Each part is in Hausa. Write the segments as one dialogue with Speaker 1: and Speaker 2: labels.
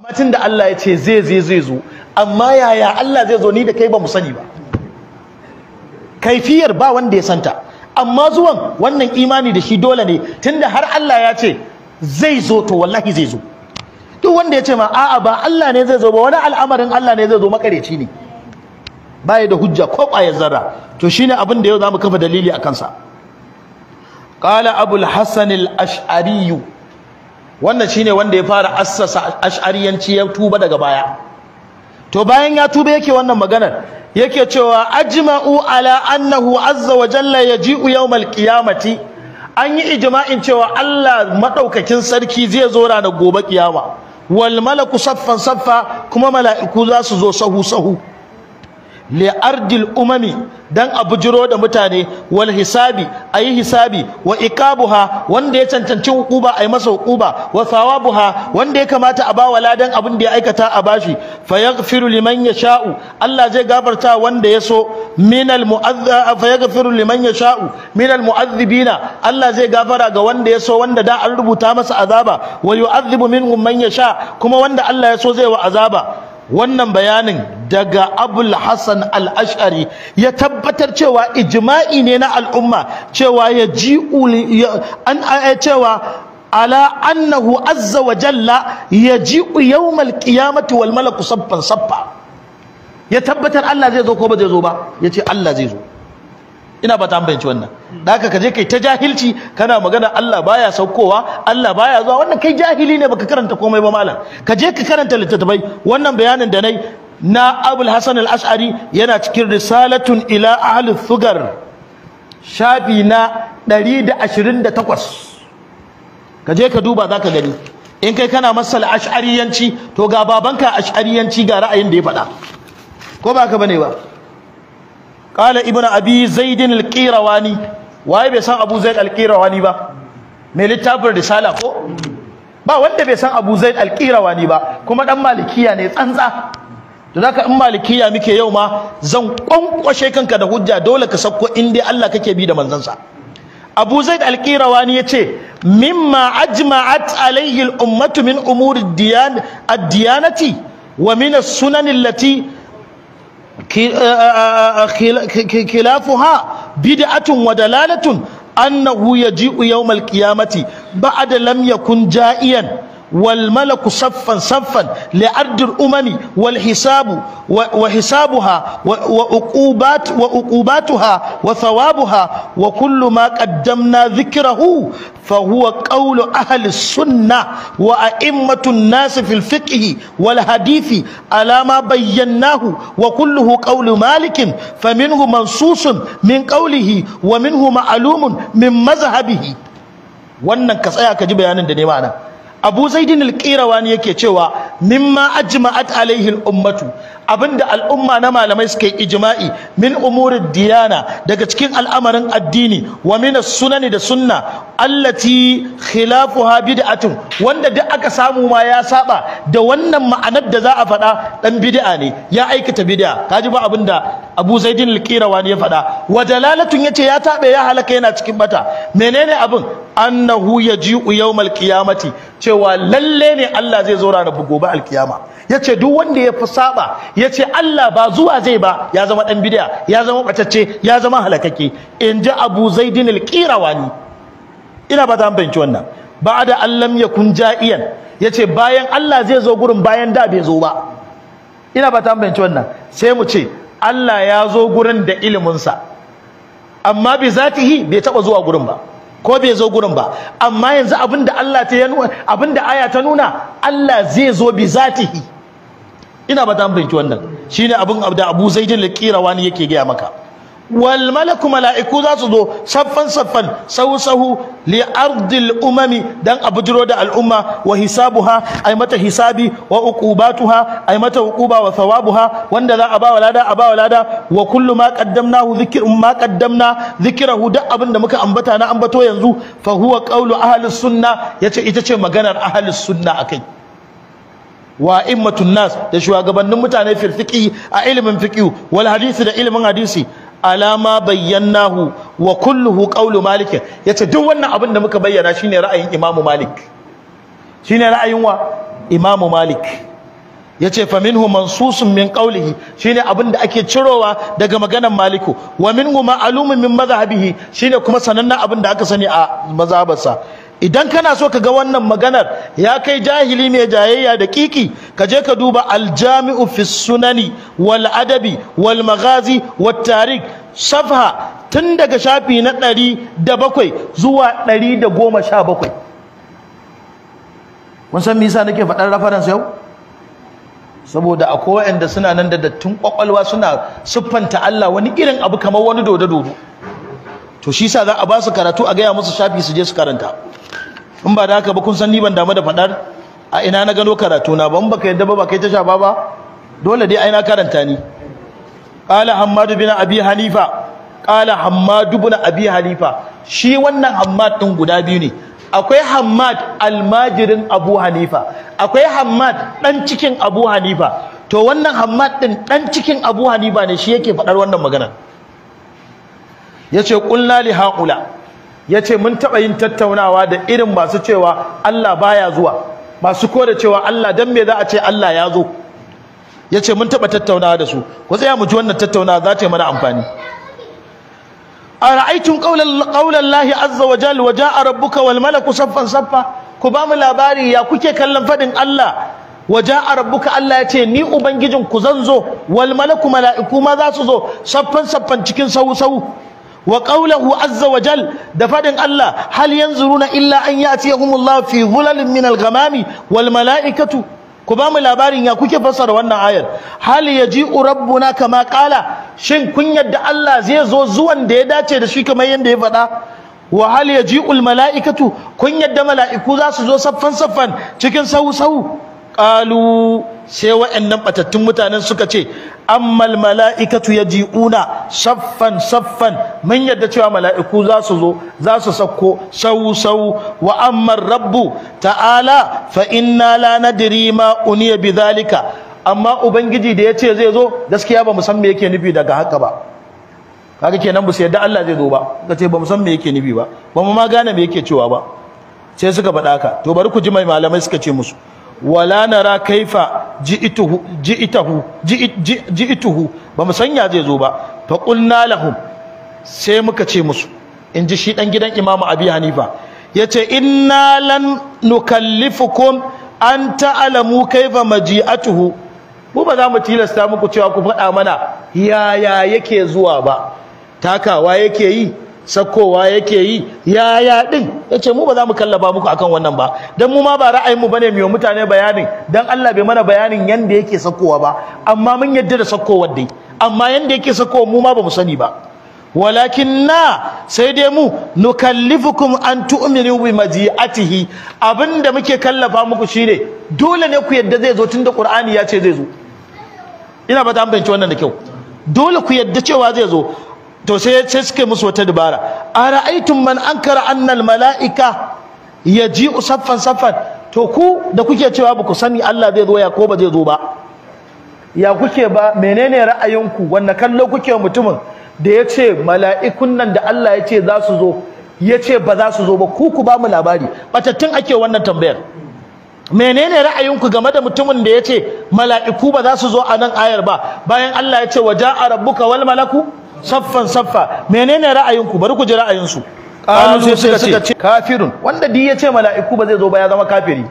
Speaker 1: amma tun da Allah ya ce zai zai zai zo amma yaya Allah zai zo ni da kai ba mu sani ba kaifiyar ba wanda ya santa amma zuwan wannan imani da shi dole ne tunda har Allah ya ce zai zo to wallahi zai zo duk wanda ya ce ma a'a ba Allah ne zai zo ba wani al'amarin Allah ne zai zo makareci ne baya da hujja ko ƙwayar zarra to shine abin da yau zamu kafa dalili a kansa qala abul hasan al wannan shine wanda ya fara assasa ash'ariyanci ya tuba daga baya to bayan ya tuba yake wannan maganar yake cewa ajma'u ala annahu azza wa jalla yaji'u yawmal qiyamati an yi ijma'in cewa Allah madaukakin sarki zai zo ranar gobe kiyama wal malaku saffan saffa kuma mala'iku za su zo sahu sahu ardil umami dan a bujiro da mutane wal hisabi ayi hisabi wa buha, wanda ya cancanci hukuba ayi masa hukuba wa thawabuha wanda ya kamata a bawa ladan abin da ya aikata a bashi fa liman yasha'u Allah zai gafarta wanda ya so minal mu'adhdha liman yasha'u minal mu'adhdhibina Allah zai gafara ga wanda ya so wanda da an rubuta masa azaba wa yu'adhibu minhum man yasha kuma wanda Allah ya so zai wa azaba wannan bayanin daga abul hassan al-ash'ari ya tabbatar cewa ijma'i ne na al'umma cewa ya ji an eh, cewa ala annahu azza wa jalla ya ji yawmal qiyamati wal malaku saffan saffa ya tabbatar Allah zai zo ko ba zai zo ba yace Allah zai zo ina ba ta ambanci wannan da haka kaje kai ta jahilci kana magana Allah baya saukowa Allah baya zuwa wannan kai jahili ne baka karanta komai ba malam je ka karanta littattafai wannan bayanin da nai na Abul Hasan al-Ash'ari yana cikin risalatun ila ahli thugar shafi na 128 kaje ka duba zaka gani in kai kana masal ash'ariyanci to ga babanka ash'ariyanci ga ra'ayin da ya faɗa ko ba ka bane ba qala ibnu abi zaid al-qirawani waye bai san abu zaid al-qirawani ba mai littafin risala ko ba wanda bai san abu zaid al-qirawani ba kuma dan malikiya ne tsantsa to zaka in malikiya muke yau ma zan kwankwashe kanka da hujja dole ka sakko in dai Allah kake bi da manzansa Abu Zaid al-Qirawani yace mimma ajma'at alayhi al-ummatu min umuri ad-diyanati wa min as-sunan allati Eh, eh, eh, khilafuha bid'atun wa dalalatun annahu yaji'u yawmal qiyamati ba'da lam yakun ja'iyan والملك صفا صفا لعد الأمم والحساب وحسابها وعقوبات وعقوباتها وثوابها وكل ما قدمنا ذكره فهو قول أهل السنة وأئمة الناس في الفقه والحديث على ما بيناه وكله قول مالك فمنه منصوص من قوله ومنه معلوم من مذهبه wannan ka tsaya ka ji bayanin da ne ma'ana abu zaidin alqirawani yake cewa mimma ajma'at alaihi al-ummatu abinda al'umma na malamai suka yi ijma'i min umurid diyana daga cikin al'amarin addini wa min sunani da sunna allati khilafuha bid'atun wanda duk aka samu ma ya saba da wannan ma'anar da za a faɗa dan bid'a ne ya aikata bid'a kaji ba abinda abu zaidin alqirawani ya faɗa wa dalalatun yace ya tabe ya halaka yana cikin bata menene abin annahu yaji'u yawmal qiyamati cewa lalle ne Allah zai zo ranar gobe alkiyama yace duk wanda ya fi saba yace Allah ba zuwa zai ba ya zama dan bid'a ya zama batacce ya zama halakake inji Abu Zaidin al-Qirawani ina ba ta fahimci wannan ba'da allam yakun ja'iyan yace bayan Allah zai zo gurin bayan da bai zo ba ina ba ta fahimci wannan sai mu ce Allah ya zo gurin da sa amma bi zatihi bai taba zuwa gurin ba ko bai zo gurin ba amma yanzu abinda Allah ta nuna abinda aya ta nuna Allah zai zo bi zatihi ina ba ta fahimci wannan shine abin da Abu Zaid al-Qirawani yake gaya maka wal malaku mala'iku za su zo saffan saffan sahu sahu li ardil umami dan a bujiro da al'umma wa hisabuha ai mata hisabi wa uqubatuha ai mata uquba wa ha wanda za a ba walada a ba walada wa kullu ma qaddamnahu dhikr ma qaddamna dhikrahu duk abinda muka ambata na ambato yanzu fa huwa qawlu ahli sunna yace ita ce maganar ahli sunna akai wa immatun nas da shugabannin mutane firfiƙi a ilimin fiqi wal hadisi da ilimin hadisi alama hu wa kulluhu qawlu malik yace duk wannan abin da muka bayyana shine ra'ayin imamu malik shine ra'ayin wa imamu malik yace fa minhu mansusun min qawlihi shine abin da ake cirowa daga maganar maliku wa minhu ma'lumun min madhhabihi shine kuma sanannen abin da aka sani a mazhabarsa idan kana so ka ga wannan maganar ya kai jahili mai jayayya da kiki ka je ka duba aljami'u fi sunani wal adabi wal maghazi wat tarik safha tun daga shafi na ɗari da bakwai zuwa ɗari da goma sha bakwai kun san nake faɗar reference yau saboda akwai waɗanda suna nan da dattun ƙwaƙwalwa suna siffanta Allah wani irin abu kamar wani dodo dodo to shi yasa za a ba su karatu a gaya musu shafi su je su karanta in ba da haka ba kun san ni ban damu da faɗar a ina na gano karatu na ban baka yadda ba baka ta shafa ba dole dai ai na karanta ni qala hammad bin abi hanifa qala hammad bin abi hanifa shi wannan hammad din guda biyu ne akwai hammad almajirin abu hanifa akwai hammad dan cikin abu hanifa to wannan hammad din dan cikin abu hanifa ne shi yake faɗar wannan magana yace qulna li haula yace mun taɓa yin tattaunawa da irin masu cewa Allah baya zuwa masu kore cewa Allah dan me za a ce Allah ya zo ya ce mun taɓa tattaunawa da su ku tsaya mu ji wannan tattaunawa za ta yi mana amfani a ra'aitun ƙaunar lahi azza wa jal wa ja'a rabbuka wal malaku saffan saffa ku ba mu labari ya kuke kallon faɗin Allah wa ja'a rabbuka Allah ya ce ni ubangijin ku zan zo wal malaku mala'iku ma za su zo saffan saffan cikin sau sau wa qawluhu azza wa jal da faɗin Allah hal yanzuruna illa an ya'tiyahumullahu fi dhulalin min al-ghamami wal mala'ikatu ku bamu labarin ya kuke fassara wannan ayar hal yaji'u na kama qala shin kun yadda Allah zai zo zuwan da ya dace da shi kamar yanda ya faɗa wa hal yaji'u al mala'ikatu kun yadda mala'iku za su zo saffan saffan cikin sahu sahu qalu sai wa'annan batattun mutanen suka ce ammal mala'ikatu yaji'una saffan saffan mun yadda cewa mala'iku za su zo za su sako sau sau wa ammar rabbu ta'ala fa inna la nadri ma uniya bidhalika amma ubangiji da yace zai zo gaskiya ba mu san me yake nufi daga haka ba kaga kenan ba su yadda Allah zai zo ba kace ba mu san me yake nufi ba ba mu ma gane me yake cewa ba sai suka faɗa ka to bari ku ji mai malamai suka ce musu wala nara kaifa ji'ituhu ji'itahu ji'ituhu ba mu sanya zai zo ba fa qulna lahum sai muka ce musu in ji shi dan gidan imamu abi hanifa yace inna lan nukallifukum an ta'lamu kaifa maji'atuhu mu ba za mu tilasta muku cewa ku faɗa mana yaya yake zuwa ba takawa yake yi sakowa yake yi yaya din yace mu ba za mu kallaba muku akan wannan ba dan mu ma ba ra'ayin mu bane miyo mutane bayanin dan Allah bai mana bayanin yanda yake sakowa ba amma mun yadda da sakowar dai amma yanda yake sakowa mu ma ba mu sani ba walakin na sai dai mu nukallifukum an tu'minu bi maji'atihi abinda muke kallafa muku shine dole ne ku yadda zai zo tunda Qur'ani ya ce zai zo ina ba ta ambance wannan da kyau dole ku yadda cewa zai zo to sai ya ce suke musu wata dabara ra'aitun man kara annan mala'ika ya ji usaffan saffan to ku da kuke cewa ba ku sani Allah zai zo ya ko ba zai zo ba ya kuke ba menene ra'ayinku wanda kallo kuke mutumin da ya ce mala'ikun nan da Allah ya ce za su zo ya ce ba za su zo ba ku ku ba mu labari batattun ake wannan tambayar menene ra'ayinku game da mutumin da ya ce mala'iku ba za su zo a nan ayar ba bayan Allah ya ce waja'a rabbuka wal malaku saffan saffa menene ra'ayinku bari ku ji ra'ayinsu qalu sai suka ce kafirun wanda di ya ce mala'iku ba zai zo ba ya zama kafiri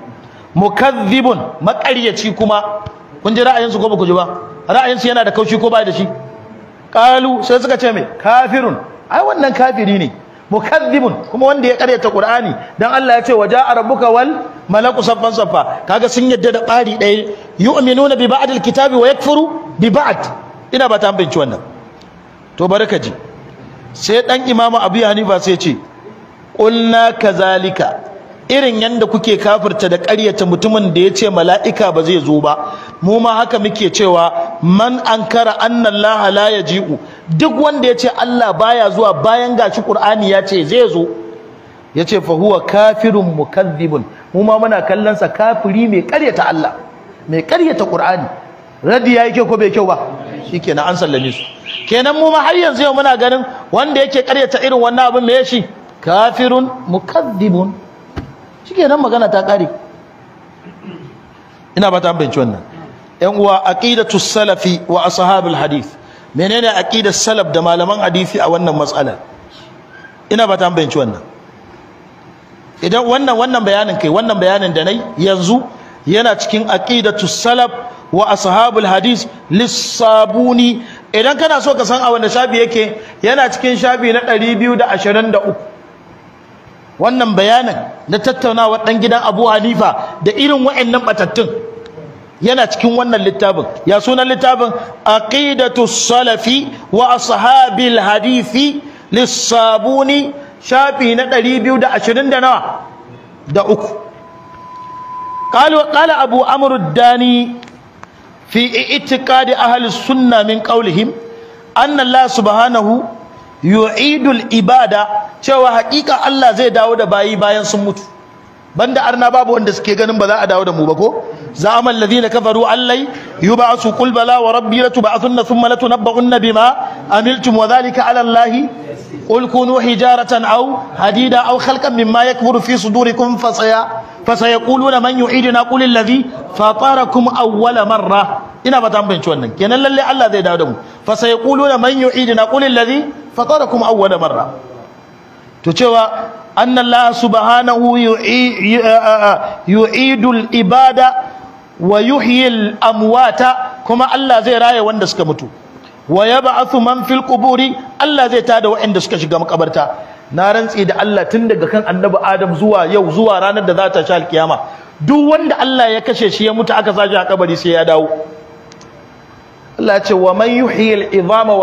Speaker 1: mukazzibun maƙaryaci kuma kun ji ra'ayinsu ko ba ku ji ba ra'ayinsu yana da kaushi ko ba da shi qalu sai suka ce me kafirun ai wannan kafiri ne mukazzibun kuma wanda ya karyata qur'ani dan Allah ya ce waja rabbuka wal malaku saffan saffa kaga sun yadda da bari dai yu'minuna bi ba'dil kitabi wa yakfuru bi ba'd ina ba ta ambaci wannan to bari ji sai dan imamu abu hanifa sai ce qulna kazalika irin yanda kuke kafirta da karyata mutumin da ya ce mala'ika ba zai zo ba mu ma haka muke cewa man ankara annan lahala la yaji'u duk wanda ya ce Allah baya zuwa bayan gashi Qur'ani ya ce zai zo ya ce fa huwa kafirun mukazzibun mu ma muna kallonsa kafiri mai karyata Allah mai ƙaryata Qur'ani radi yayi ko bai kyau ba shikenan an sallame su kenan mu ma har yanzu yau muna ganin wanda yake karyata irin wannan abin me shi kafirun mukaddibun shikenan magana ta kare ina ba ta ambaci wannan yan uwa aqidatu salafi wa ashabul hadith menene aqidar salaf da malaman hadisi a wannan matsala ina ba ta ambaci wannan idan wannan wannan bayanin kai wannan bayanin da nai yanzu yana cikin aqidatu salaf wa ashabul hadis lissabuni idan kana so ka san a wanda shafi yake yana cikin shafi na 223 wannan bayanin na tattaunawa dan gidan Abu Hanifa da irin waɗannan batattun yana cikin wannan littafin ya sunan littafin aqidatus salafi wa ashabil hadisi lissabuni shafi na 220 da uku قال وقال أبو أمر الداني fi i'tiqadi ahli sunna min qawlihim anna Allah subhanahu yu'idul ibada cewa hakika Allah zai dawo da bayi bayan sun mutu banda arna babu wanda suke ganin ba za a dawo da mu ba ko za'amal ladina kafaru allai yub'asu qul bala wa rabbi latub'athunna thumma latunabba'unna bima amiltum wa dhalika 'ala allahi qul kunu hijaratan au hadida aw khalqan mimma yakburu fi sudurikum fasaya fasayaquluna man yu'iduna qul allazi fatarakum awwala marra ina ba ta bayyana wannan kenan lalle Allah zai dawo da mu fasayaquluna man yu'iduna qul allazi fatarakum awwala marra to cewa anna Allah subhanahu yu'idul ibada wa yuhyil amwata kuma Allah zai raye wanda suka mutu wa yab'athu man fil quburi Allah zai tada waɗanda suka shiga makabarta na rantse da Allah tun daga kan annabi Adam zuwa yau zuwa ranar da za ta sha alkiyama duk wanda Allah ya kashe shi ya mutu aka sashi a kabari sai ya dawo Allah ya ce wa man yuhyil al